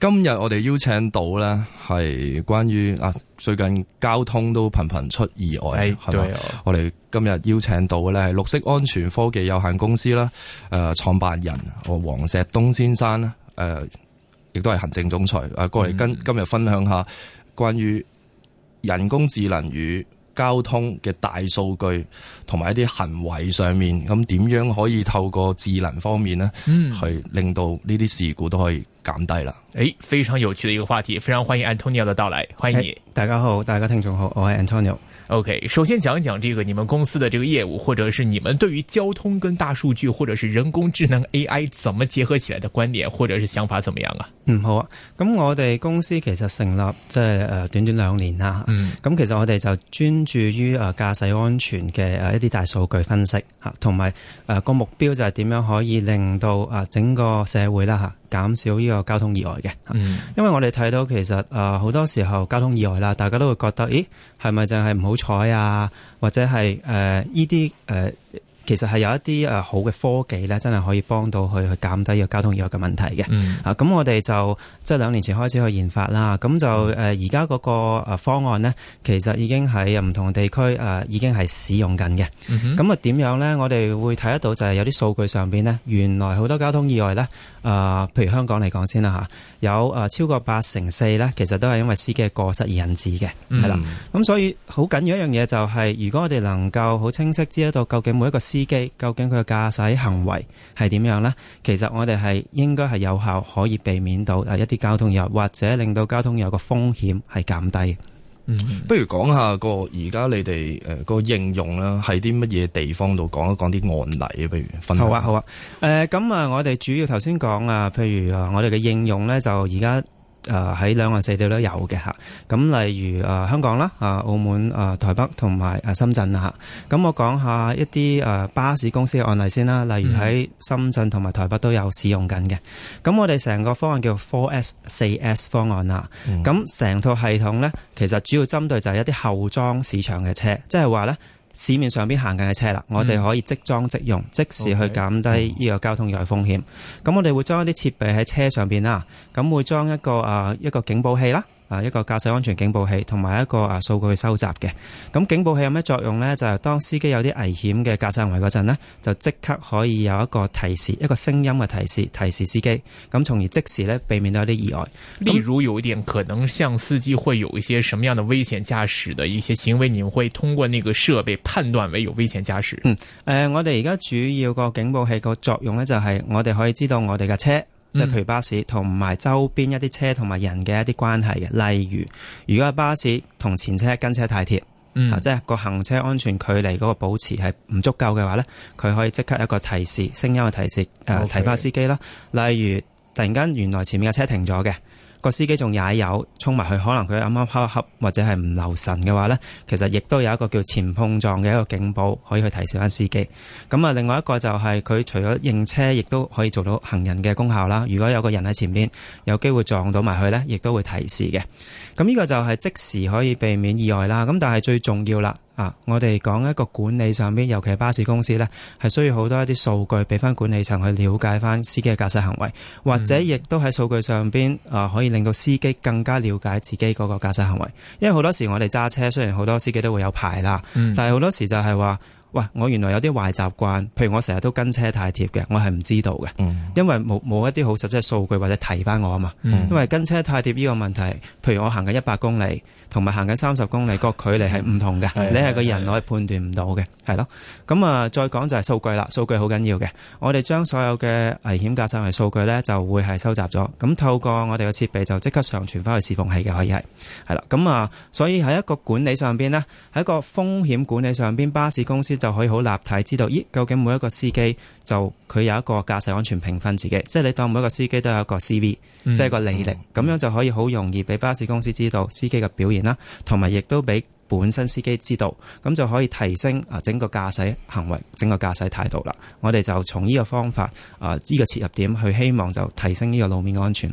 今日我哋邀請到呢係關於啊最近交通都頻頻出意外，係、哎哦、我哋今日邀請到嘅呢係綠色安全科技有限公司啦，誒、呃、創辦人呃黃碩東先生，誒、呃、亦都係行政總裁，啊過嚟跟、嗯、今日分享下關於人工智能與。交通嘅大數據同埋一啲行為上面，咁點樣可以透過智能方面呢、嗯，去令到呢啲事故都可以減低啦。誒、欸，非常有趣嘅一個話題，非常歡迎 Antonio 嘅到來，歡迎你。Hey，大家好，大家聽眾好，我係 Antonio。O.K. 首先講一講這個你們公司的這個業務，或者是你們對於交通跟大數據，或者是人工智能 A.I. 怎麼結合起來的觀點，或者是想法怎麼樣啊？嗯，好啊。咁我哋公司其實成立即係誒短短兩年啦。嗯，咁其實我哋就專注於誒駕駛安全嘅誒一啲大數據分析啊，同埋誒個目標就係點樣可以令到啊整個社會啦，吓，減少呢個交通意外嘅，因為我哋睇到其實誒好多時候交通意外啦，大家都會覺得，咦係咪淨係唔好彩啊？或者係誒，依啲誒。其實係有一啲誒、呃、好嘅科技咧，真係可以幫到佢去減低個交通意外嘅問題嘅。Mm -hmm. 啊，咁我哋就即係兩年前開始去研發啦。咁就誒而家嗰個、啊、方案呢，其實已經喺唔同地區誒、啊、已經係使用緊嘅。咁啊點樣呢？我哋會睇得到就係有啲數據上邊呢，原來好多交通意外呢，誒、呃、譬如香港嚟講先啦吓，有誒、呃、超過八成四呢，其實都係因為司機過失而引致嘅，係、mm、啦 -hmm.。咁所以好緊要一樣嘢就係、是，如果我哋能夠好清晰知得到究竟每一個司機司機究竟佢嘅駕駛行為係點樣呢？其實我哋係應該係有效可以避免到啊一啲交通又或者令到交通有嘅風險係減低。嗯，不如講下個而家你哋誒個應用啦，喺啲乜嘢地方度講一講啲案例，譬如分享一下。好啊好啊。誒，咁啊，我哋主要頭先講啊，譬如啊，我哋嘅應用呢就而家。誒，喺兩岸四地都有嘅吓，咁例如誒香港啦，啊澳門、啊台北同埋啊深圳啦吓，咁我講下一啲誒巴士公司嘅案例先啦，例如喺深圳同埋台北都有使用緊嘅，咁我哋成個方案叫做 Four S 四 S 方案啦，咁成套系統咧，其實主要針對就係一啲後裝市場嘅車，即係話咧。市面上邊行緊嘅車啦，我哋可以即裝即用，嗯，即時去減低呢個交通意外風險。咁、嗯、我哋會裝一啲設備喺車上邊啦，咁會裝一個、呃、一個警報器啦。啊，一個駕駛安全警報器同埋一個啊數據去收集嘅。咁警報器有咩作用呢？就係當司機有啲危險嘅駕駛行為嗰陣呢，就即刻可以有一個提示，一個聲音嘅提示，提示司機，咁從而即時咧避免到一啲意外。例如有一點可能，像司機會有一些什麼樣的危險駕駛的一些行為，你會通過那個設備判斷為有危險駕駛。嗯，誒、呃，我哋而家主要個警報器個作用呢，就係我哋可以知道我哋嘅車。即係譬如巴士同埋周邊一啲車同埋人嘅一啲關係嘅，例如如果巴士同前車跟車太貼，啊、嗯，即係個行車安全距離嗰個保持係唔足夠嘅話呢，佢可以即刻一個提示，聲音嘅提示誒、呃 okay。提巴司機啦。例如突然間原來前面嘅車停咗嘅。個司機仲踩油衝埋去，可能佢啱啱恰一恰，或者係唔留神嘅話呢，其實亦都有一個叫前碰撞嘅一個警報可以去提示翻司機。咁啊，另外一個就係、是、佢除咗認車，亦都可以做到行人嘅功效啦。如果有個人喺前邊，有機會撞到埋去呢，亦都會提示嘅。咁、這、呢個就係即時可以避免意外啦。咁但係最重要啦。啊！我哋講一個管理上面，尤其係巴士公司呢，係需要好多一啲數據俾翻管理層去了解翻司機嘅駕駛行為，或者亦都喺數據上面啊，可以令到司機更加了解自己嗰個駕駛行為。因為好多時我哋揸車，雖然好多司機都會有牌啦，嗯、但係好多時就係話：哇，我原來有啲壞習慣，譬如我成日都跟車太貼嘅，我係唔知道嘅、嗯，因為冇冇一啲好實際嘅數據或者提翻我啊嘛。因為跟車太貼呢個問題，譬如我行緊一百公里。同埋行緊三十公里，個距離係唔同嘅，你係個人我判斷唔到嘅，係咯。咁啊，再講就係數據啦，數據好緊要嘅。我哋將所有嘅危險駕駛行為數據咧，就會係收集咗。咁透過我哋嘅設備就即刻上傳翻去伺服器嘅，可以係，係啦。咁啊，所以喺一個管理上邊咧，喺個風險管理上邊巴士公司就可以好立體知道，咦，究竟每一個司機就佢有一個駕駛安全評分自己，即係你當每一個司機都有一個 CV，、嗯、即係個履歷，咁、嗯、樣就可以好容易俾巴士公司知道司機嘅表現。同埋亦都俾本身司機知道，咁就可以提升啊整個駕駛行為，整個駕駛態度啦。我哋就從呢個方法啊，呢個切入點去希望就提升呢個路面安全。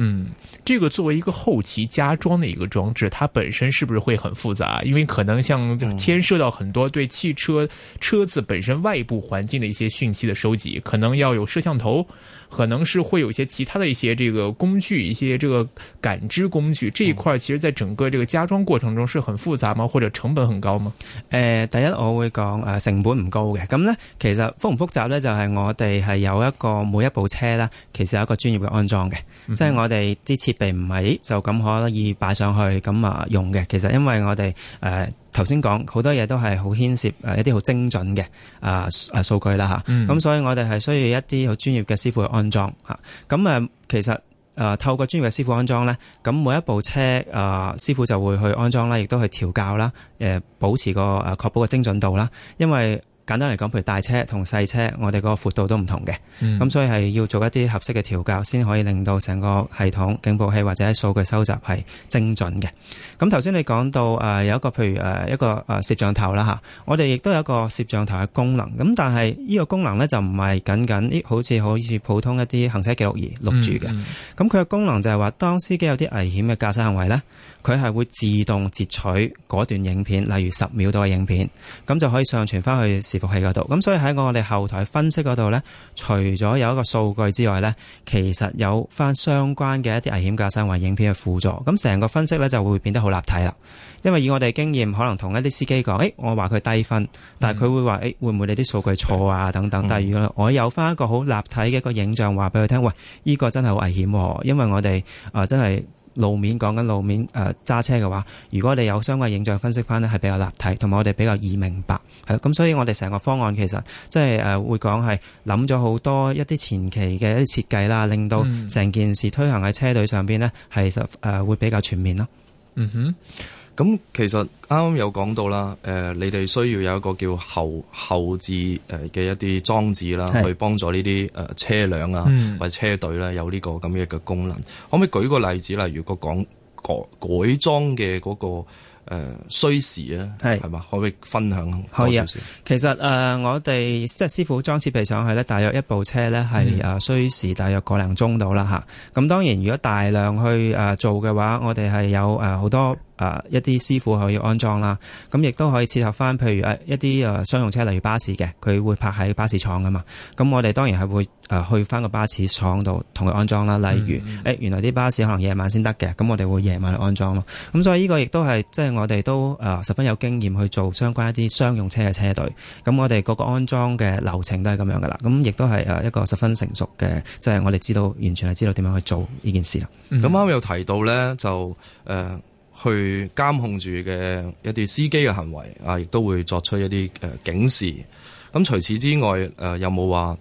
嗯，這個作為一個後期加裝嘅一個裝置，它本身是不是會很複雜？因為可能像牽涉到很多對汽車車子本身外部環境嘅一些訊息嘅收集，可能要有攝像頭。可能是會有一些其他的一些這個工具，一些這個感知工具這一塊，其實，在整個這個加裝過程中是很複雜嗎？或者成本很高嗎？誒、呃，第一我會講誒、呃，成本唔高嘅，咁呢其實複唔複雜呢就係、是、我哋係有一個每一部車啦，其實有一個專業嘅安裝嘅、嗯，即係我哋啲設備唔係就咁可以擺上去咁啊用嘅，其實因為我哋誒。呃頭先講好多嘢都係好牽涉一啲好精準嘅啊啊數據啦嚇，咁、嗯、所以我哋係需要一啲好專業嘅師傅去安裝嚇，咁其實誒透過專業嘅師傅安裝咧，咁每一部車啊師傅就會去安裝啦，亦都去調校啦，誒保持個誒確保嘅精準度啦，因為。簡單嚟講，譬如大車同細車，我哋個闊度都唔同嘅，咁、嗯、所以係要做一啲合適嘅調校，先可以令到成個系統警報器或者數據收集係精準嘅。咁頭先你講到誒、呃、有一個譬如誒、呃、一個誒、呃、攝像頭啦嚇、啊，我哋亦都有一個攝像頭嘅功能，咁但係呢個功能咧就唔係僅僅啲好似好似普通一啲行車記錄儀錄住嘅，咁佢嘅功能就係話當司機有啲危險嘅駕駛行為咧。佢係會自動截取嗰段影片，例如十秒到嘅影片，咁就可以上傳翻去伺服器嗰度。咁所以喺我哋後台分析嗰度呢，除咗有一個數據之外呢，其實有翻相關嘅一啲危險駕駛或影片嘅輔助。咁成個分析呢，就會變得好立體啦。因為以我哋經驗，可能同一啲司機講，誒、哎，我話佢低分，但係佢會話，誒、哎，會唔會你啲數據錯啊？等等。但係如果我有翻一個好立體嘅一個影像，話俾佢聽，喂，呢、這個真係好危險、啊，因為我哋、呃、真係。路面講緊路面誒揸、呃、車嘅話，如果你有相關影像分析翻咧，係比較立體，同埋我哋比較易明白，係啦。咁所以我哋成個方案其實即係誒、呃、會講係諗咗好多一啲前期嘅一啲設計啦，令到成件事推行喺車隊上邊呢，係實誒、呃、會比較全面囉。嗯哼。咁其實啱啱有講到啦，誒，你哋需要有一個叫後後置嘅一啲裝置啦，去幫助呢啲誒車輛啊、嗯，或者車隊咧有呢個咁樣嘅功能，可唔可以舉個例子，啦如果講改改裝嘅嗰個需時啊，係咪？嘛？可唔可以分享多少少？可以。其實誒、呃，我哋即係師傅裝設備上去咧，大約一部車咧係誒需時大約個零鐘到啦嚇。咁當然，如果大量去誒做嘅話，我哋係有誒好、呃、多。誒、呃、一啲師傅可以安裝啦，咁亦都可以切合翻，譬如誒一啲誒商用車，例如巴士嘅，佢會泊喺巴士廠㗎嘛。咁我哋當然係會誒去翻個巴士廠度同佢安裝啦。例如誒、嗯嗯欸，原來啲巴士可能夜晚先得嘅，咁我哋會夜晚去安裝咯。咁所以呢個亦、就是、都係即係我哋都誒十分有經驗去做相關一啲商用車嘅車隊。咁我哋個個安裝嘅流程都係咁樣㗎喇。咁亦都係一個十分成熟嘅，即、就、係、是、我哋知道完全係知道點樣去做呢件事啦。咁啱有提到咧，就、呃去監控住嘅一啲司機嘅行為啊，亦都會作出一啲誒警示。咁除此之外，誒，有冇話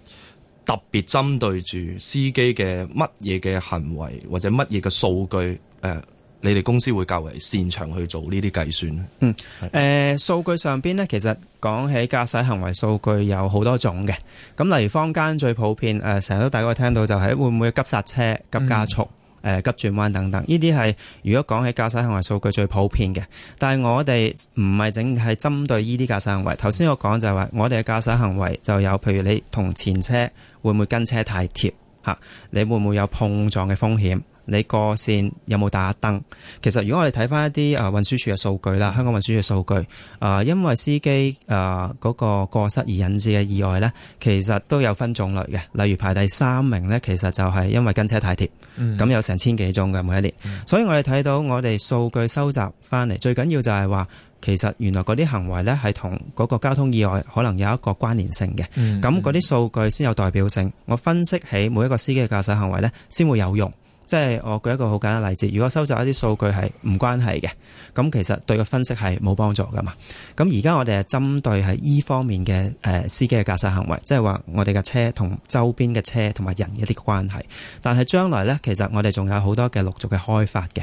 特別針對住司機嘅乜嘢嘅行為或者乜嘢嘅數據誒，你哋公司會較為擅長去做呢啲計算？嗯，誒、呃，數據上邊咧，其實講起駕駛行為數據有好多種嘅。咁例如坊間最普遍，誒、呃，成日都大家會聽到就係會唔會急剎車急加速。嗯急轉彎等等，呢啲係如果講起駕駛行為數據最普遍嘅。但係我哋唔係淨係針對呢啲駕駛行為。頭先我講就係話，我哋嘅駕駛行為就有，譬如你同前車會唔會跟車太貼吓，你會唔會有碰撞嘅風險？你過線有冇打燈？其實，如果我哋睇翻一啲啊運輸署嘅數據啦，香港運輸嘅數據啊、呃，因為司機嗰、呃那個過失而引致嘅意外呢，其實都有分種類嘅。例如排第三名呢，其實就係因為跟車太貼，咁有成千幾宗嘅每一年。所以我哋睇到我哋數據收集翻嚟，最緊要就係話其實原來嗰啲行為呢係同嗰個交通意外可能有一個關聯性嘅。咁嗰啲數據先有代表性，我分析起每一個司機嘅駕駛行為呢，先會有用。即係我舉一個好簡單例子，如果收集一啲數據係唔關係嘅，咁其實對個分析係冇幫助噶嘛。咁而家我哋係針對係依方面嘅司機嘅駕駛行為，即係話我哋嘅車同周邊嘅車同埋人一啲關係。但係將來呢，其實我哋仲有好多嘅陸續嘅開發嘅，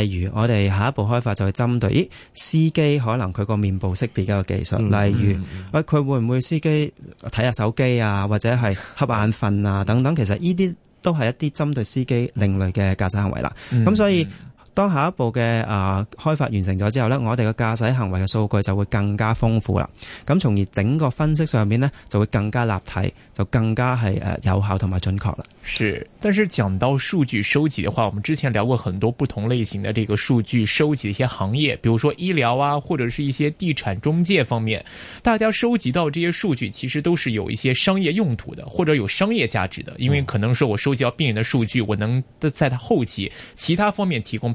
例如我哋下一步開發就係針對，咦司機可能佢個面部識別嘅技術，嗯、例如喂佢會唔會司機睇下手機啊，或者係瞌眼瞓啊等等，其實呢啲。都係一啲針對司機另類嘅駕駛行為啦，咁、嗯、所以。當下一步嘅啊開發完成咗之後咧，我哋嘅駕駛行為嘅數據就會更加豐富啦。咁從而整個分析上面咧就會更加立體，就更加係誒有效同埋準確啦。是，但是講到數據收集的話，我們之前聊過很多不同類型的這個數據收集的一些行業，比如說醫療啊，或者是一些地產中介方面，大家收集到這些數據其實都是有一些商業用途的，或者有商業價值的。因為可能說我收集到病人的數據，我能在佢後期其他方面提供。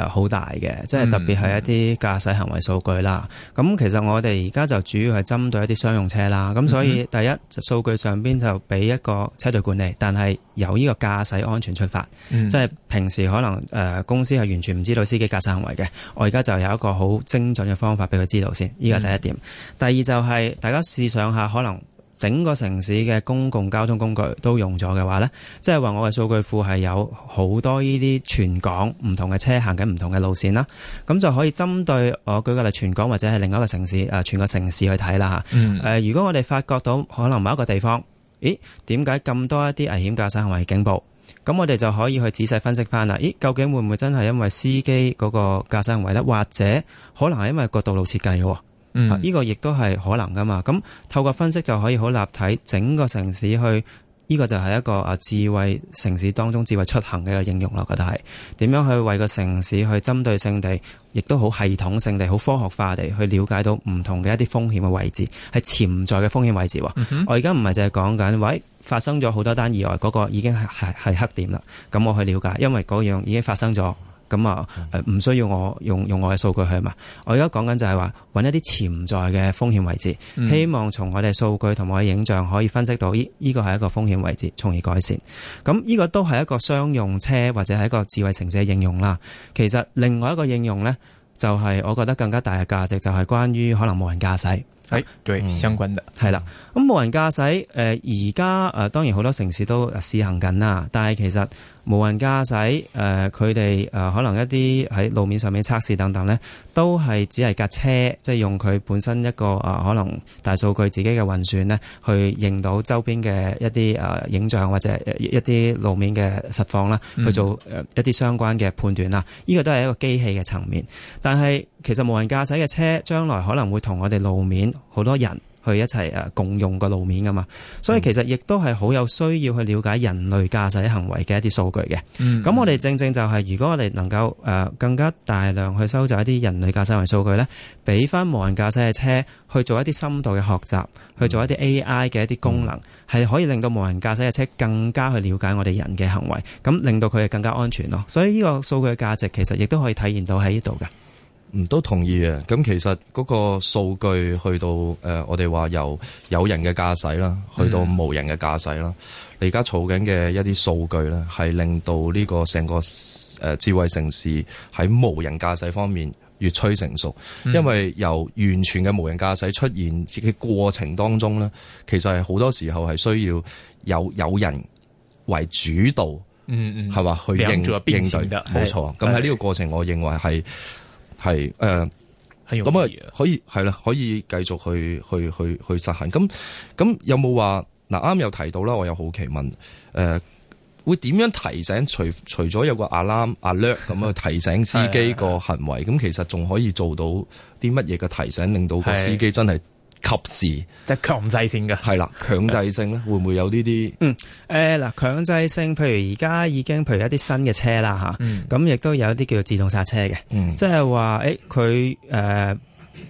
好大嘅，即係特別係一啲駕駛行為數據啦。咁、嗯、其實我哋而家就主要係針對一啲商用車啦。咁所以第一數、嗯、據上邊就俾一個車隊管理，但係由呢個駕駛安全出發，即、嗯、係、就是、平時可能誒、呃、公司係完全唔知道司機駕駛行為嘅。我而家就有一個好精準嘅方法俾佢知道先，呢、這個第一點。嗯、第二就係、是、大家試想下，可能。整個城市嘅公共交通工具都用咗嘅話呢，即係話我嘅數據庫係有好多呢啲全港唔同嘅車行緊唔同嘅路線啦，咁就可以針對我舉個例，全港或者係另外一個城市、呃、全個城市去睇啦吓、嗯呃、如果我哋發覺到可能某一個地方，咦，點解咁多一啲危險駕駛行為警報？咁我哋就可以去仔細分析翻啦。咦，究竟會唔會真係因為司機嗰個駕駛行為呢？或者可能係因為個道路設計喎。嗯，呢個亦都係可能噶嘛？咁透過分析就可以好立體，整個城市去，呢個就係一個啊智慧城市當中智慧出行嘅一個應用咯。我覺得係點樣去為個城市去針對性地，亦都好系統性地，好科學化地去了解到唔同嘅一啲風險嘅位置，係潛在嘅風險位置。嗯，我而家唔係淨係講緊，喂，發生咗好多單意外，嗰個已經係係係黑點啦。咁我去了解，因為嗰樣已經發生咗。咁啊，唔需要我用用我嘅數據去嘛？我而家講緊就係話，揾一啲潛在嘅風險位置，希望從我哋數據同我哋影像可以分析到，呢呢個係一個風險位置，從而改善。咁呢個都係一個商用車或者係一個智慧城市嘅應用啦。其實另外一個應用呢，就係、是、我覺得更加大嘅價值，就係、是、關於可能無人駕駛係對相關嘅係啦。咁、嗯、無人駕駛誒，而家誒，當然好多城市都試行緊啦，但係其實。無人駕駛誒，佢哋誒可能一啲喺路面上面測試等等咧，都係只係架車，即係用佢本身一個啊、呃、可能大數據自己嘅運算咧，去認到周邊嘅一啲誒、呃、影像或者一啲路面嘅實況啦，去做誒一啲相關嘅判斷啦。呢、這個都係一個機器嘅層面，但係其實無人駕駛嘅車將來可能會同我哋路面好多人，去一齊、啊、共用個路面噶嘛，所以其實亦都係好有需要去了解人類駕駛行為嘅一啲數據嘅。咁、嗯、我哋正正就係、是，如果我哋能夠、啊、更加大量去收集一啲人類駕駛行為數據呢，俾翻無人駕駛嘅車去做一啲深度嘅學習、嗯，去做一啲 AI 嘅一啲功能，係、嗯、可以令到無人駕駛嘅車更加去了解我哋人嘅行為，咁令到佢更加安全咯。所以呢個數據嘅價值其實亦都可以體現到喺呢度嘅。唔都同意嘅，咁其實嗰個數據去到誒、呃，我哋話由有人嘅駕駛啦，去到無人嘅駕駛啦，你而家儲緊嘅一啲數據咧，係令到呢個成個誒、呃、智慧城市喺無人駕駛方面越趨成熟、嗯。因為由完全嘅無人駕駛出現，嘅過程當中咧，其實係好多時候係需要有有人為主導，嗯嗯，係話去應應對冇錯。咁喺呢個過程，我認為係。係誒，咁、呃、啊可以係啦，可以繼續去去去去實行。咁咁有冇話嗱啱又提到啦？我又好奇問誒、呃，會點樣提醒？除除咗有個 Alarm、Alert 咁啊，提醒司機個行為，咁 其實仲可以做到啲乜嘢嘅提醒，令到個司機真係。及時即係強制性㗎，係啦，強制性咧 會唔會有呢啲？嗯，誒、呃、嗱，強制性，譬如而家已經，譬如一啲新嘅車啦吓，咁亦都有一啲叫做自動剎車嘅，即係話，誒、欸，佢誒、呃、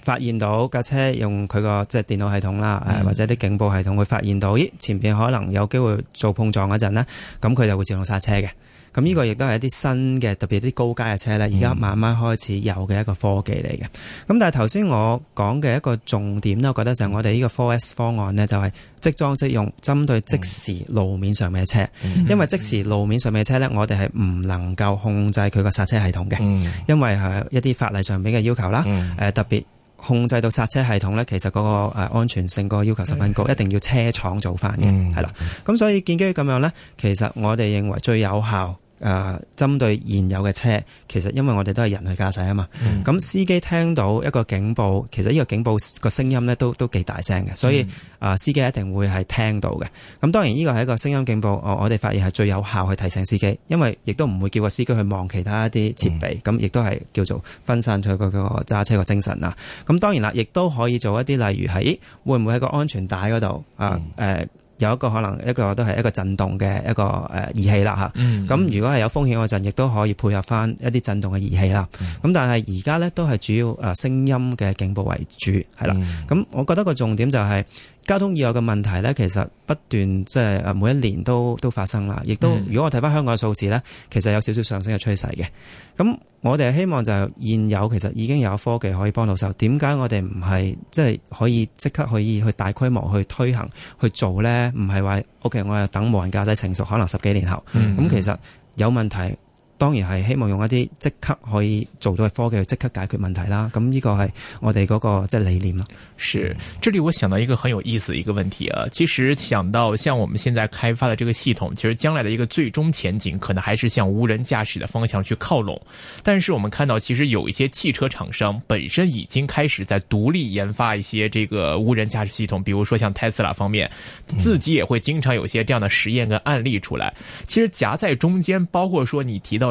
發現到架車用佢個即係電腦系統啦、呃，或者啲警報系統會發現到，咦，前邊可能有機會做碰撞嗰陣咧，咁佢就會自動剎車嘅。咁、這、呢個亦都係一啲新嘅，特別啲高階嘅車咧，而家慢慢開始有嘅一個科技嚟嘅。咁、嗯、但係頭先我講嘅一個重點咧，我覺得就係我哋呢個 Four S 方案呢就係即裝即用，針對即時路面上嘅車、嗯。因為即時路面上嘅車咧，我哋係唔能夠控制佢個剎車系統嘅、嗯，因為係一啲法例上邊嘅要求啦，誒、嗯呃、特別。控制到剎車系統呢，其實嗰個安全性個要求十分高，一定要車廠做翻嘅，係、嗯、啦。咁所以建基於咁樣呢，其實我哋認為最有效，誒、啊，針對現有嘅車，其實因為我哋都係人去駕駛啊嘛，咁、嗯、司機聽到一個警報，其實呢個警報個聲音咧都都幾大聲嘅，所以、嗯、啊司機一定會係聽到嘅。咁當然呢個係一個聲音警報，我我哋發現係最有效去提醒司機，因為亦都唔會叫個司機去望其他一啲設備，咁亦都係叫做分散咗個揸車個精神啦。咁當然啦，亦都可以做一啲例如係，會唔會喺個安全帶嗰度啊？嗯有一個可能一個都係一個震動嘅一個誒儀器啦，吓，嗯，咁、嗯、如果係有風險嗰陣，亦都可以配合翻一啲震動嘅儀器啦。咁、嗯、但係而家咧都係主要聲音嘅警報為主，係啦。咁、嗯、我覺得個重點就係、是。交通意外嘅問題呢，其實不斷即係每一年都都發生啦，亦都如果我睇翻香港嘅數字呢，其實有少少上升嘅趨勢嘅。咁我哋希望就係現有其實已經有科技可以幫到手，點解我哋唔係即係可以即刻可以去大規模去推行去做呢？唔係話 O K，我又等無人駕駛成熟，可能十幾年後。咁、嗯、其實有問題。當然係希望用一啲即刻可以做到嘅科技即刻解決問題啦。咁呢個係我哋嗰、那個即係、就是、理念啦。是，這裡我想到一個很有意思嘅一個問題啊。其實想到像我們現在開發嘅這個系統，其實將來嘅一個最終前景可能還是向無人駕駛嘅方向去靠攏。但是我們看到其實有一些汽車廠商本身已經開始在獨立研發一些這個無人駕駛系統，比如說像 Tesla 方面，自己也會經常有些這樣的實驗跟案例出來。其實夾在中間，包括說你提到。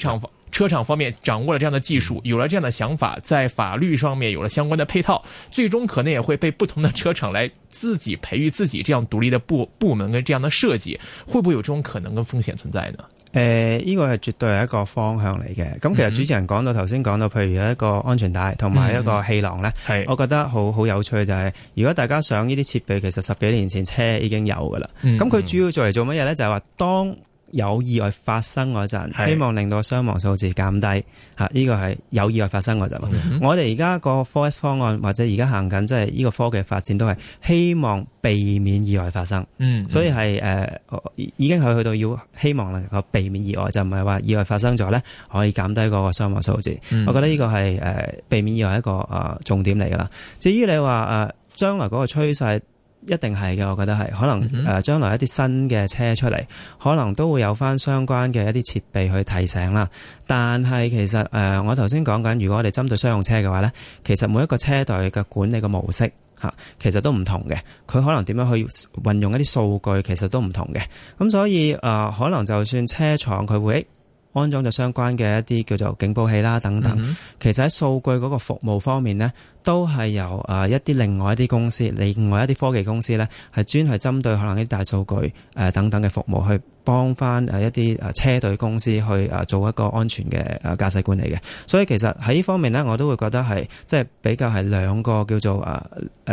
廠車廠方面掌握了這樣的技術，有了這樣的想法，在法律上面有了相關的配套，最終可能也會被不同的車廠來自己培育自己這樣獨立的部部門跟這樣的設計，會不會有這種可能跟風險存在呢？誒、呃，呢、這個係絕對係一個方向嚟嘅。咁其實主持人講到頭先講到，譬如一個安全帶同埋一個氣囊呢，係、嗯、我覺得好好有趣就係、是，如果大家想呢啲設備，其實十幾年前車已經有㗎喇。咁佢主要做嚟做乜嘢呢？就係、是、話當。有意外發生嗰陣，希望令到傷亡數字減低，吓呢個係有意外發生嗰陣。Mm -hmm. 我哋而家個科技方案或者而家行緊，即係呢個科技發展都係希望避免意外發生。嗯、mm -hmm.，所以係誒、呃、已經係去到要希望能夠避免意外，就唔係話意外發生咗咧，可以減低嗰個傷亡數字。Mm -hmm. 我覺得呢個係誒、呃、避免意外一個誒、呃、重點嚟㗎喇。至於你話誒將來嗰個趨勢。一定係嘅，我覺得係。可能誒，將來一啲新嘅車出嚟，可能都會有返相關嘅一啲設備去提醒啦。但係其實誒、呃，我頭先講緊，如果我哋針對商用車嘅話呢，其實每一個車隊嘅管理嘅模式、啊、其實都唔同嘅。佢可能點樣去運用一啲數據，其實都唔同嘅。咁所以誒、呃，可能就算車廠佢會安裝咗相關嘅一啲叫做警報器啦等等，嗯、其實喺數據嗰個服務方面呢，都係由啊一啲另外一啲公司，另外一啲科技公司咧，係專係針對可能啲大數據誒等等嘅服務，去幫翻誒一啲誒車隊公司去誒做一個安全嘅誒駕駛管理嘅。所以其實喺呢方面咧，我都會覺得係即係比較係兩個叫做誒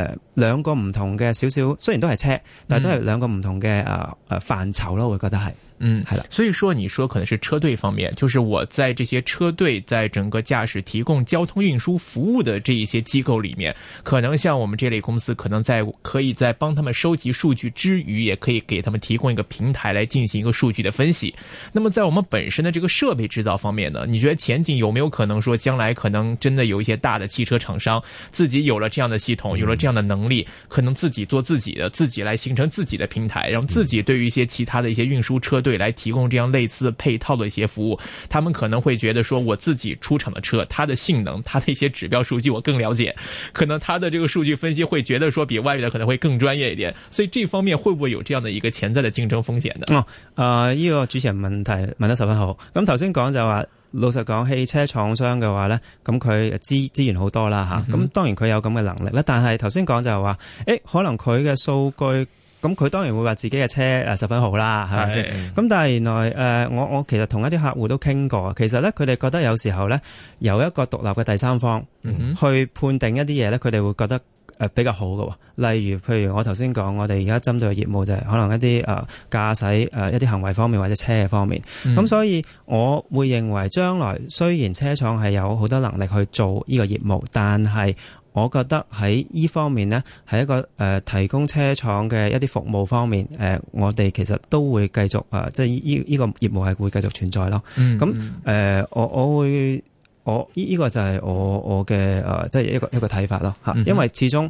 誒兩個唔同嘅少少，雖然都係車，但係都係兩個唔同嘅誒誒範疇咯。我會覺得係嗯係啦。所以說，你說可能是車隊方面，就是我在這些車隊在整個駕駛提供交通運輸服務的這一些。機構裏面可能像我們這類公司，可能在可以在幫他們收集數據之餘，也可以給他們提供一個平台來進行一個數據的分析。那麼在我們本身的這個設備製造方面呢，你覺得前景有沒有可能說將來可能真的有一些大的汽車廠商自己有了這樣的系統，有了這樣的能力，可能自己做自己的，自己來形成自己的平台，然後自己對於一些其他的一些運輸車隊來提供這樣類似配套的一些服務，他們可能會覺得說我自己出廠的車，它的性能，它的一些指標數據我更了解。可能他的這個數據分析會覺得說比外面可能會更專業一點，所以這方面會不會有這樣的一個潛在的競爭風險呢？啊、哦，呢、呃呢個主持人問題問得十分好。咁頭先講就話，老實講，汽車廠商嘅話咧，咁佢資資源好多啦吓，咁、啊、當然佢有咁嘅能力啦。但係頭先講就話，誒，可能佢嘅數據。咁佢當然會話自己嘅車誒十分好啦，係咪先？咁但係原來誒，我我其實同一啲客戶都傾過，其實咧佢哋覺得有時候咧，由一個獨立嘅第三方去判定一啲嘢咧，佢哋會覺得誒比較好嘅。例如，譬如我頭先講，我哋而家針對嘅業務就係可能一啲誒駕駛誒一啲行為方面或者車嘅方面。咁所以，我會認為將來雖然車廠係有好多能力去做呢個業務，但係。我覺得喺呢方面呢，係一個誒、呃、提供車廠嘅一啲服務方面，誒、呃、我哋其實都會繼續啊，即係呢呢個業務係會繼續存在咯。咁、嗯、誒、嗯呃，我我會我、呢個就係我我嘅誒，即、呃、係一個一個睇法咯吓，嗯嗯因為始終、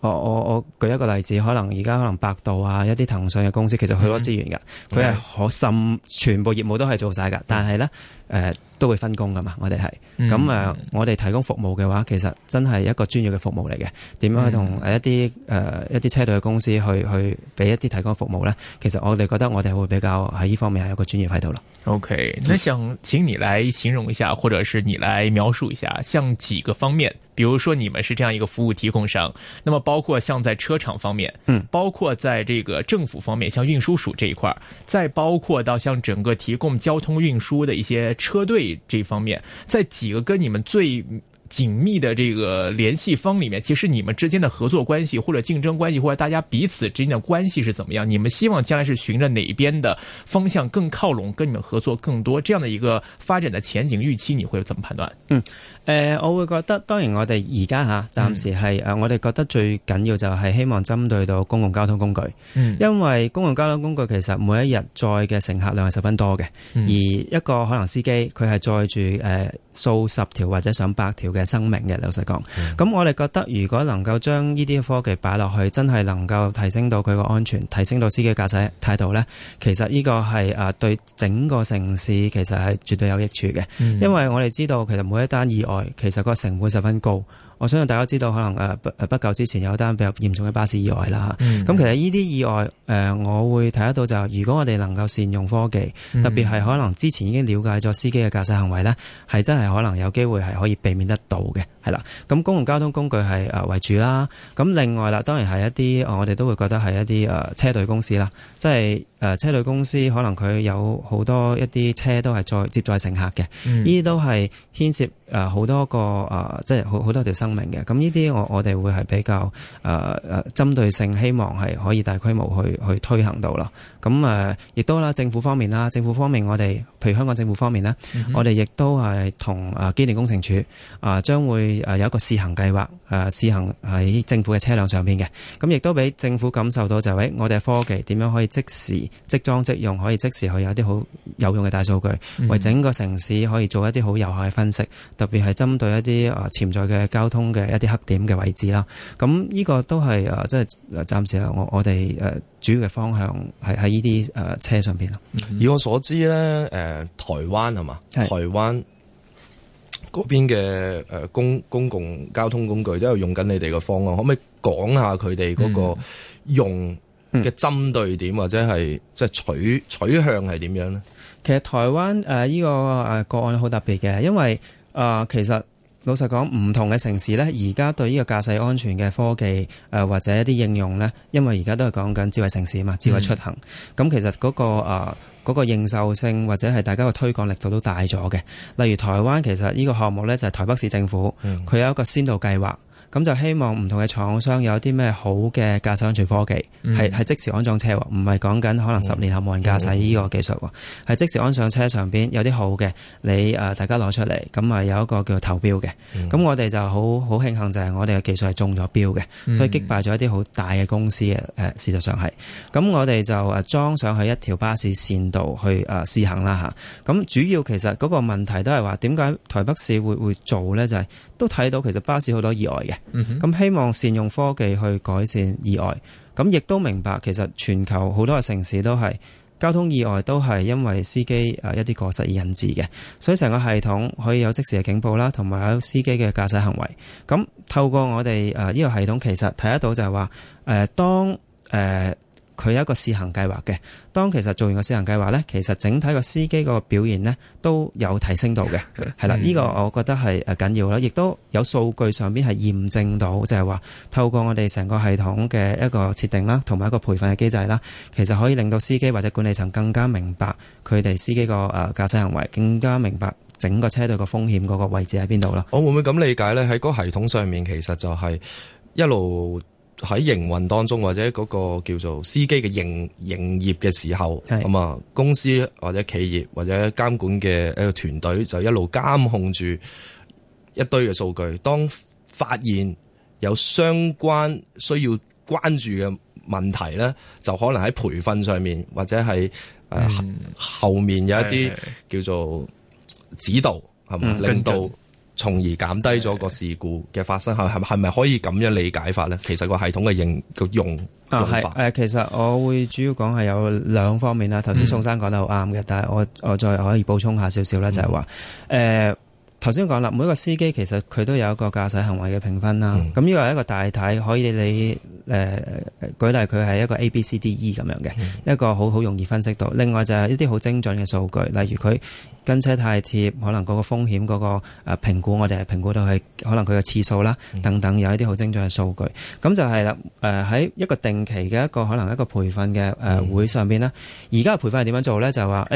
呃、我我我舉一個例子，可能而家可能百度啊，一啲騰訊嘅公司其實好多資源噶，佢、嗯、係、嗯、可滲全部業務都係做晒噶，但係呢。誒、呃。都會分工㗎嘛，我哋係咁誒，我哋提供服務嘅話，其實真係一個專業嘅服務嚟嘅。點樣去同一啲誒、呃、一啲車隊嘅公司去去俾一啲提供服務呢？其實我哋覺得我哋會比較喺呢方面係一個專業喺度咯。OK，那想請你來形容一下，或者是你來描述一下，像幾個方面，比如說你們是這樣一個服務提供商，那麼包括像在車廠方面，嗯，包括在這個政府方面，像運輸署這一塊，再包括到像整個提供交通運輸的一些車隊。這方面，在幾個跟你們最緊密的這個聯繫方裏面，其實你們之間的合作關係或者競爭關係，或者大家彼此之間的關係是怎麼樣？你們希望將來是循着哪一邊的方向更靠攏，跟你們合作更多？這樣的一個發展的前景預期，你會怎麼判斷？嗯，誒、呃，我會覺得，當然我哋而家吓，暫時係誒、嗯，我哋覺得最緊要就係希望針對到公共交通工具、嗯，因為公共交通工具其實每一日載嘅乘客量係十分多嘅、嗯，而一個可能司機佢係載住誒、呃、數十條或者上百條嘅。嘅生命嘅老實講，咁我哋覺得如果能夠將呢啲科技擺落去，真係能夠提升到佢個安全，提升到司機駕駛態度咧，其實呢個係誒對整個城市其實係絕對有益處嘅，因為我哋知道其實每一單意外其實個成本十分高。我相信大家知道，可能誒不久之前有一單比較嚴重嘅巴士意外啦咁、嗯、其實呢啲意外誒，我會睇得到就係、如果我哋能夠善用科技，嗯、特別係可能之前已經了解咗司機嘅駕駛行為呢，係真係可能有機會係可以避免得到嘅，係啦。咁公共交通工具係誒、呃、為主啦。咁另外啦，當然係一啲我哋都會覺得係一啲誒、呃、車隊公司啦，即係誒、呃、車隊公司可能佢有好多一啲車都係接載乘客嘅，呢啲、嗯、都係牽涉。誒、呃、好多個誒、呃，即係好好多條生命嘅，咁呢啲我我哋會係比較誒誒、呃呃、針對性，希望係可以大規模去去推行到啦。咁誒亦都啦，政府方面啦，政府方面我哋，譬如香港政府方面咧、嗯，我哋亦都係同誒機電工程署誒、呃、將會誒有一個試行計劃。誒試行喺政府嘅車輛上面嘅，咁亦都俾政府感受到就係、是，我哋嘅科技點樣可以即時即裝即用，可以即時去有啲好有用嘅大數據、嗯，為整個城市可以做一啲好有效嘅分析，特別係針對一啲誒潛在嘅交通嘅一啲黑點嘅位置啦。咁、這、呢個都係誒，即係暫時我我哋主要嘅方向係喺呢啲誒車上面啦。以我所知咧，誒台灣係嘛？台灣。嗰邊嘅誒公公共交通工具都有用緊你哋嘅方案，可唔可以講下佢哋嗰個用嘅針對點、嗯嗯、或者係即係取取向係點樣呢？其實台灣誒呢個誒個案好特別嘅，因為誒、呃、其實老實講，唔同嘅城市呢，而家對呢個駕駛安全嘅科技誒、呃、或者一啲應用呢，因為而家都係講緊智慧城市啊嘛，智慧出行咁、嗯，其實嗰、嗰個誒。呃嗰、那個認受性或者係大家嘅推廣力度都大咗嘅，例如台灣其實呢個項目呢，就係台北市政府，佢有一個先導計劃。咁就希望唔同嘅廠商有啲咩好嘅駕駛安全科技，係、嗯、係即時安裝車喎，唔係講緊可能十年後冇人駕駛呢個技術喎，係即時安上車上邊有啲好嘅，你大家攞出嚟，咁啊有一個叫投標嘅，咁、嗯、我哋就好好慶幸就係我哋嘅技術係中咗標嘅，所以擊敗咗一啲好大嘅公司嘅誒，事實上係，咁我哋就誒裝上去一條巴士線度去試行啦嚇，咁主要其實嗰個問題都係話點解台北市會會做咧就係、是。都睇到其實巴士好多意外嘅，咁希望善用科技去改善意外，咁亦都明白其實全球好多嘅城市都係交通意外都係因為司機誒一啲過失而引致嘅，所以成個系統可以有即時嘅警報啦，同埋有司機嘅駕駛行為，咁透過我哋誒呢個系統其實睇得到就係話誒當誒。呃佢有一個試行計劃嘅，當其實做完個試行計劃呢，其實整體個司機個表現呢都有提升到嘅，係 啦，呢、呢個我覺得係誒緊要啦，亦都有數據上邊係驗證到，就係、係、話透過我哋成個系統嘅一個設定啦，同埋一個培訓嘅機制啦，其實可以令到司機或者管理層更加明白佢哋司機個誒駕駛行為，更加明白整個車隊個風險嗰個位置喺邊度啦。我會唔會咁理解呢？喺個系統上面，其實就係一路。喺營運當中，或者嗰個叫做司機嘅營營業嘅時候，咁啊公司或者企業或者監管嘅一個團隊就一路監控住一堆嘅數據，當發現有相關需要關注嘅問題咧，就可能喺培訓上面或者係誒後面有一啲叫做指導，係、嗯、咪領導？從而減低咗個事故嘅發生，係係咪可以咁樣理解法咧？其實個系統嘅認個用法。係、啊呃、其實我會主要講係有兩方面啦。頭先宋生講得好啱嘅，嗯、但係我我再可以補充下少少咧，就係話誒。嗯呃頭先講啦，每一個司機其實佢都有一個駕駛行為嘅評分啦。咁、嗯、呢個係一個大體，可以你誒、呃、舉例，佢係一個 A、B、嗯、C、D、E 咁樣嘅一個好好容易分析到。另外就係一啲好精準嘅數據，例如佢跟車太貼，可能嗰個風險嗰個、呃、評估，我哋係評估到係可能佢嘅次數啦、嗯、等等，有一啲好精準嘅數據。咁就係啦，喺、呃、一個定期嘅一個可能一個培訓嘅誒會上邊啦。而家嘅培訓係點樣做咧？就係話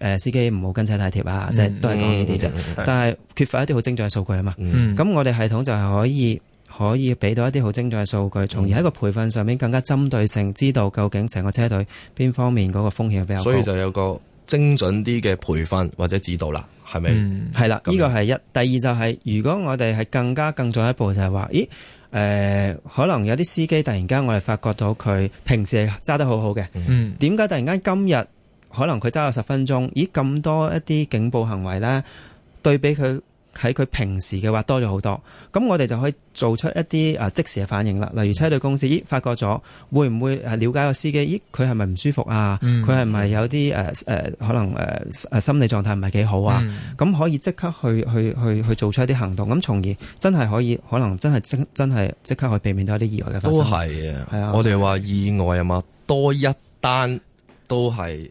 誒司機唔好跟車太貼啊，嗯、即係都係講呢啲啫。但係缺乏一啲好精準嘅數據啊嘛，咁、嗯、我哋系統就係可以可以俾到一啲好精準嘅數據，從而喺個培訓上面更加針對性，知道究竟成個車隊邊方面嗰個風險係比較，所以就有個精準啲嘅培訓或者指導啦，係咪？係、嗯、啦，呢、呢個係一，第二就係、是、如果我哋係更加更進一步就係話，咦，誒、呃，可能有啲司機突然間我哋發覺到佢平時係揸得好好嘅，點、嗯、解突然間今日可能佢揸咗十分鐘，咦咁多一啲警報行為咧？對比佢喺佢平時嘅話多咗好多，咁我哋就可以做出一啲即時嘅反應啦。例如車隊公司，咦發覺咗會唔會了解個司機？咦佢係咪唔舒服啊？佢係咪有啲誒、呃、可能誒、呃、心理狀態唔係幾好啊？咁、嗯、可以即刻去去去去做出一啲行動，咁從而真係可以可能真係真真即刻去避免到一啲意外嘅發生。都係係啊，我哋話意外啊嘛，多一單都係。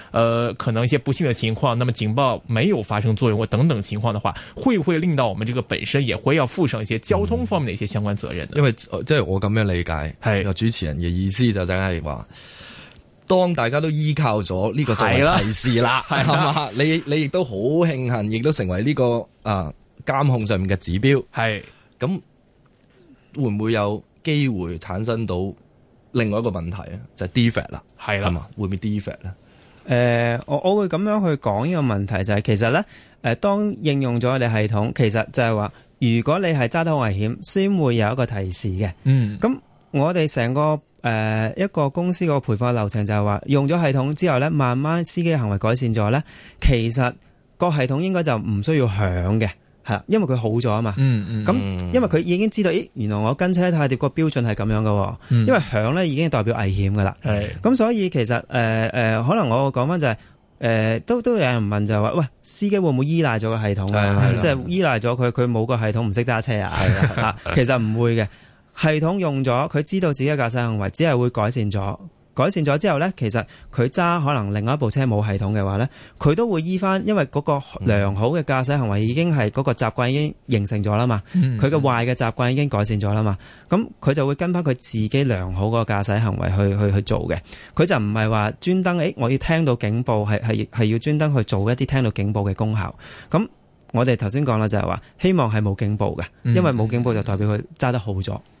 呃，可能一些不幸的情況，那麼警報沒有發生作用或等等情況的話，會唔會令到我們這個本身也會要負上一些交通方面的一些相關責任、嗯？因為即係、呃就是、我咁樣理解，係個主持人嘅意思就等於話，當大家都依靠咗呢個作為提示啦，係、啊啊、你你亦都好慶幸，亦都成為呢、這個啊、呃、監控上面嘅指標，係咁會唔會有機會產生到另外一個問題、就是、是啊？就係 defect 啦，係啦，會唔會 defect 咧？誒、呃，我我會咁樣去講呢個問題、就是，就係其實呢誒、呃，當應用咗我哋系統，其實就係話，如果你係揸得好危險，先會有一個提示嘅。嗯，咁我哋成個誒、呃、一個公司個培訓流程就係話，用咗系統之後呢，慢慢司機行為改善咗呢，其實個系統應該就唔需要響嘅。係啦，因為佢好咗啊嘛。嗯嗯。咁，因為佢已經知道，嗯，咦，原來我跟車太貼個標準係咁樣噶，啊。嗯。因為響咧已經係代表危險噶啦。係。咁所以其實誒誒、呃呃，可能我講翻就係、是，誒、呃、都都有人問就係、是、話，喂，司機會唔會依賴咗、啊就是、個系統？係即係依賴咗佢，佢冇個系統唔識揸車啊？係啦、 啊。其實唔會嘅，系統用咗，佢知道自己嘅駕駛行為，只係會改善咗。改善咗之後呢，其實佢揸可能另外一部車冇系統嘅話呢，佢都會依翻，因為嗰個良好嘅駕駛行為已經係嗰個習慣已經形成咗啦嘛。佢、嗯、嘅、嗯、壞嘅習慣已經改善咗啦嘛，咁、嗯、佢、嗯、就會跟翻佢自己良好個駕駛行為去去去做嘅。佢就唔係話專登，誒、欸，我要聽到警報係係係要專登去做一啲聽到警報嘅功效。咁我哋頭先講啦，就係話希望係冇警報嘅，因為冇警報就代表佢揸得好咗。嗯嗯嗯。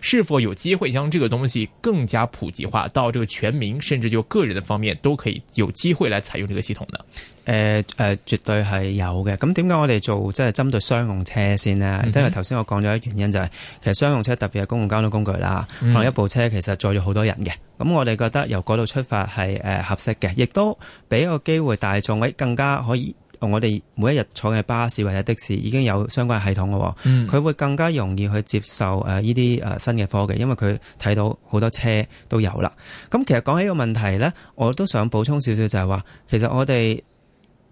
是否有機會將這個東西更加普及化，到這個全民甚至就個人的方面都可以有機會來採用這個系統呢？誒、呃、誒、呃，絕對係有嘅。咁點解我哋做即係針對商用車先呢？因為頭先我講咗原因就係、是，其實商用車特別係公共交通工具啦，嗯、可能一部車其實載咗好多人嘅。咁我哋覺得由嗰度出發係誒、呃、合適嘅，亦都俾一個機會大眾位更加可以。我哋每一日坐嘅巴士或者的士已經有相關系統嘅、哦，佢、嗯、會更加容易去接受誒呢啲誒新嘅科技，因為佢睇到好多車都有啦。咁其實講起這個問題咧，我都想補充少少就係話，其實我哋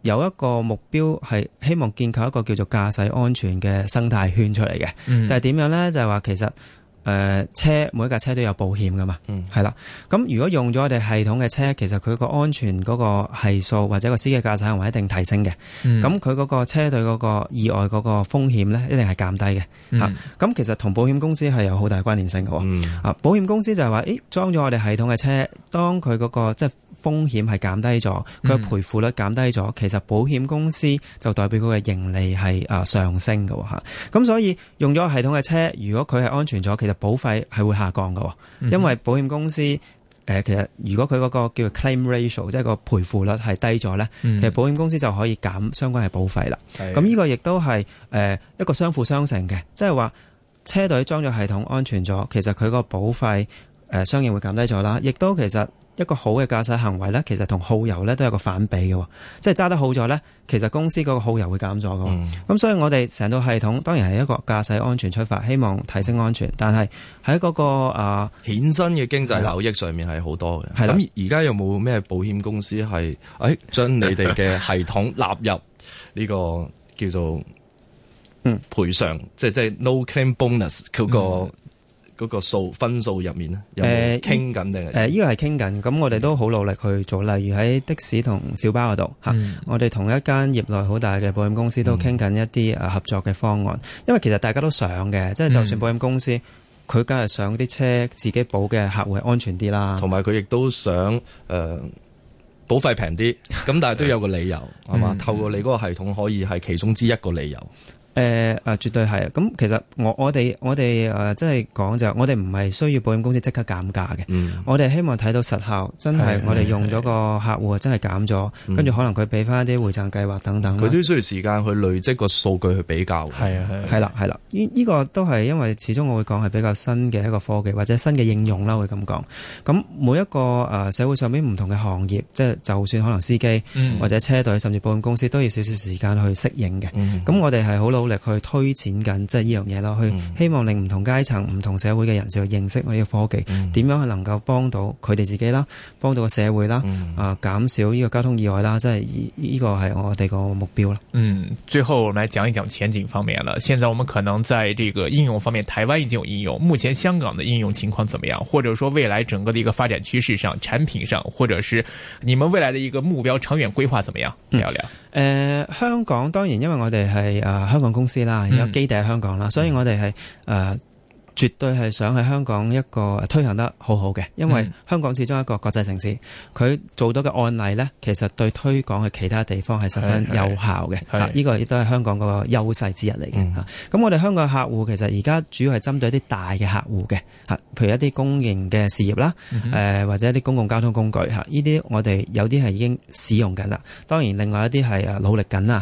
有一個目標係希望建構一個叫做駕駛安全嘅生態圈出嚟嘅、嗯，就係點樣咧？就係話其實。誒，車每一架車都有保險噶嘛，係、嗯、啦。咁如果用咗我哋系統嘅車，其實佢個安全嗰個係數或者個司機駕駛行為一定提升嘅。咁佢嗰個車隊嗰個意外嗰個風險咧，一定係減低嘅。吓、嗯、咁、啊、其實同保險公司係有好大關聯性嘅、啊嗯。啊，保險公司就係話，誒，裝咗我哋系統嘅車，當佢嗰、那個即係風險係減低咗，佢嘅賠付率減低咗、嗯，其實保險公司就代表佢嘅盈利係啊上升㗎吓、啊。咁、啊、所以用咗系統嘅車，如果佢係安全咗，其實。保費係會下降嘅，因為保險公司誒、呃，其實如果佢嗰個叫 claim ratio，即係個賠付率係低咗呢，其實保險公司就可以減相關嘅保費啦。咁呢個亦都係誒一個相輔相成嘅，即係話車隊裝咗系統安全咗，其實佢個保費誒相應會減低咗啦，亦都其實。一個好嘅駕駛行為咧，其實同耗油咧都有個反比嘅，即係揸得好咗咧，其實公司嗰個耗油會減咗喎。咁、嗯、所以我哋成套系統當然係一個駕駛安全出發，希望提升安全，但係喺嗰個啊衍生嘅經濟效益上面係好多嘅。係咁而家有冇咩保險公司係誒將你哋嘅系統納入呢個叫做賠償嗯賠償，即係即係 no claim bonus，嗰個。嗰、那個數分數入面咧，有傾緊定係？呢、呃、依、呃這個係傾緊。咁我哋都好努力去做。例如喺的士同小巴嗰度，嚇、嗯，我哋同一間業內好大嘅保險公司都傾緊一啲誒合作嘅方案，嗯。因為其實大家都想嘅，即、就、係、是、就算保險公司，佢梗係想啲車自己保嘅客戶安全啲啦。同埋佢亦都想誒、呃、保費平啲。咁但係都有個理由係嘛、嗯？透過你嗰個系統可以係其中之一個理由。誒、呃、絕絕對係！咁其實我我哋我哋誒，即係講就，我哋唔係需要保險公司即刻減價嘅。嗯，我哋希望睇到實效，真係我哋用咗個客戶真減，真係減咗，跟住可能佢俾翻一啲回贈計劃等等。佢都需要時間去累積個數據去比較。係啊係。係啦係啦，呢依、啊啊啊這個都係因為始終我會講係比較新嘅一個科技或者新嘅應用啦，會咁講。咁每一個誒社會上面唔同嘅行業，即係就算可能司機、嗯、或者車隊甚至保險公司，都要少少時間去適應嘅。咁、嗯、我哋係好老，努力去推展緊，即係呢樣嘢咯，去希望令唔同階層、唔同社會嘅人士去認識我呢個科技，點樣去能夠幫到佢哋自己啦，幫到個社會啦，啊減少呢個交通意外啦，即係呢個係我哋個目標啦。嗯，最後我們來講一講前景方面啦。現在我們可能在這個應用方面，台灣已經有應用，目前香港的應用情況怎麼樣？或者說未來整個的一個發展趨勢上，產品上，或者是你們未來的一個目標、長遠規劃怎麼樣？漂亮。誒、嗯呃，香港當然因為我哋係啊香港。公司啦，有基地喺香港啦，嗯、所以我哋係誒。呃絕對係想喺香港一個推行得好好嘅，因為香港始終一個國際城市，佢、嗯、做到嘅案例呢，其實對推廣去其他地方係十分有效嘅。呢、呢個亦都係香港嗰個優勢之一嚟嘅。咁、嗯啊、我哋香港嘅客戶其實而家主要係針對一啲大嘅客戶嘅，嚇、啊，譬如一啲公營嘅事業啦、呃，或者一啲公共交通工具嚇，呢、啊、啲我哋有啲係已經使用緊啦。當然另外一啲係努力緊啦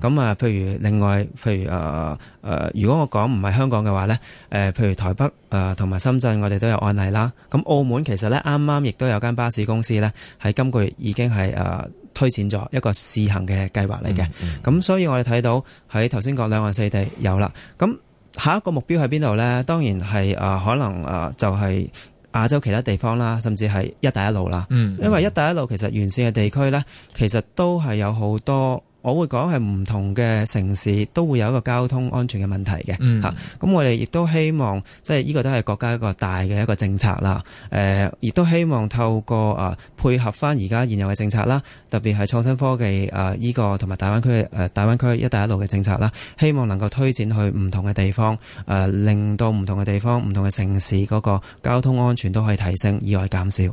嚇。咁啊，啊，譬如另外譬如如果我講唔係香港嘅話呢。譬如。呃呃如台北誒同埋深圳，我哋都有案例啦。咁澳門其實咧，啱啱亦都有間巴士公司咧，喺今個月已經係誒、呃、推展咗一個試行嘅計劃嚟嘅。咁、嗯嗯、所以我哋睇到喺頭先講兩岸四地有啦。咁下一個目標喺邊度咧？當然係誒、呃、可能誒、呃、就係、是、亞洲其他地方啦，甚至係一帶一路啦、嗯嗯。因為一帶一路其實沿線嘅地區咧，其實都係有好多。我會講係唔同嘅城市都會有一個交通安全嘅問題嘅吓，咁我哋亦都希望即係呢個都係國家一個大嘅一個政策啦。誒、呃，亦都希望透過啊、呃、配合返而家現有嘅政策啦，特別係創新科技啊呢、呃這個同埋大灣區誒大灣區一帶一路嘅政策啦，希望能夠推展去唔同嘅地方誒、呃，令到唔同嘅地方、唔同嘅城市嗰個交通安全都可以提升，意外減少。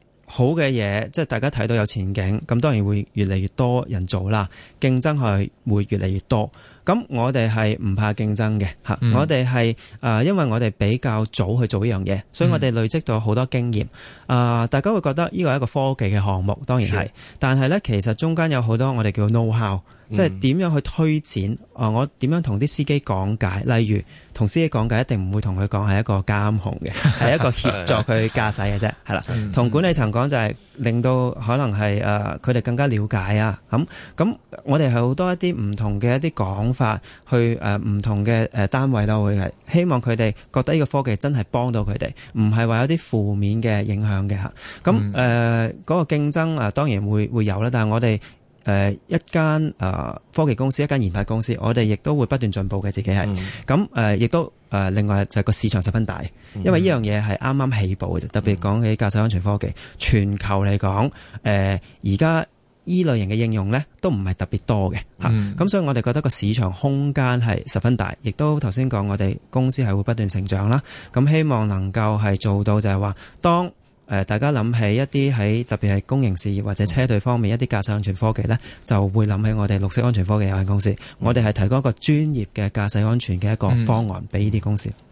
好嘅嘢，即係大家睇到有前景，咁當然會越嚟越多人做啦，競爭係會越嚟越多。咁我哋係唔怕競爭嘅，吓、嗯，我哋係，誒，因為我哋比較早去做呢樣嘢，所以我哋累積到好多經驗，啊、呃，大家會覺得呢個係一個科技嘅項目，當然係，但係咧，其實中間有好多我哋叫 know how。即係點樣去推展？嗯、我點樣同啲司機講解？例如同司機講解，一定唔會同佢講係一個監控嘅，係 一個協助佢駕駛嘅啫。係、嗯、啦，同管理層講就係令到可能係誒佢哋更加了解啊。咁、嗯、咁，我哋係好多一啲唔同嘅一啲講法去，去誒唔同嘅誒單位咯，會係希望佢哋覺得呢個科技真係幫到佢哋，唔係話有啲負面嘅影響嘅吓。咁誒嗰個競爭啊、呃，當然會會有啦。但係我哋。誒、呃，一間誒、呃、科技公司，一間研發公司，我哋亦都會不斷進步嘅。自己係咁誒，亦、mm. 呃、都誒、呃，另外就係個市場十分大，mm. 因為呢樣嘢係啱啱起步嘅啫。特別講起駕駛安全科技，mm. 全球嚟講，誒而家呢類型嘅應用咧，都唔係特別多嘅吓。咁、mm. 啊、所以我哋覺得個市場空間係十分大，亦都頭先講我哋公司係會不斷成長啦。咁希望能夠係做到就係話當。誒，大家諗起一啲喺特別係公營事業或者車隊方面一啲駕駛安全科技呢，就會諗起我哋綠色安全科技有限公司。我哋係提供一個專業嘅駕駛安全嘅一個方案俾呢啲公司。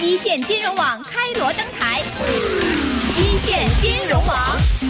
一線金融網開鑼登台，一線金融網。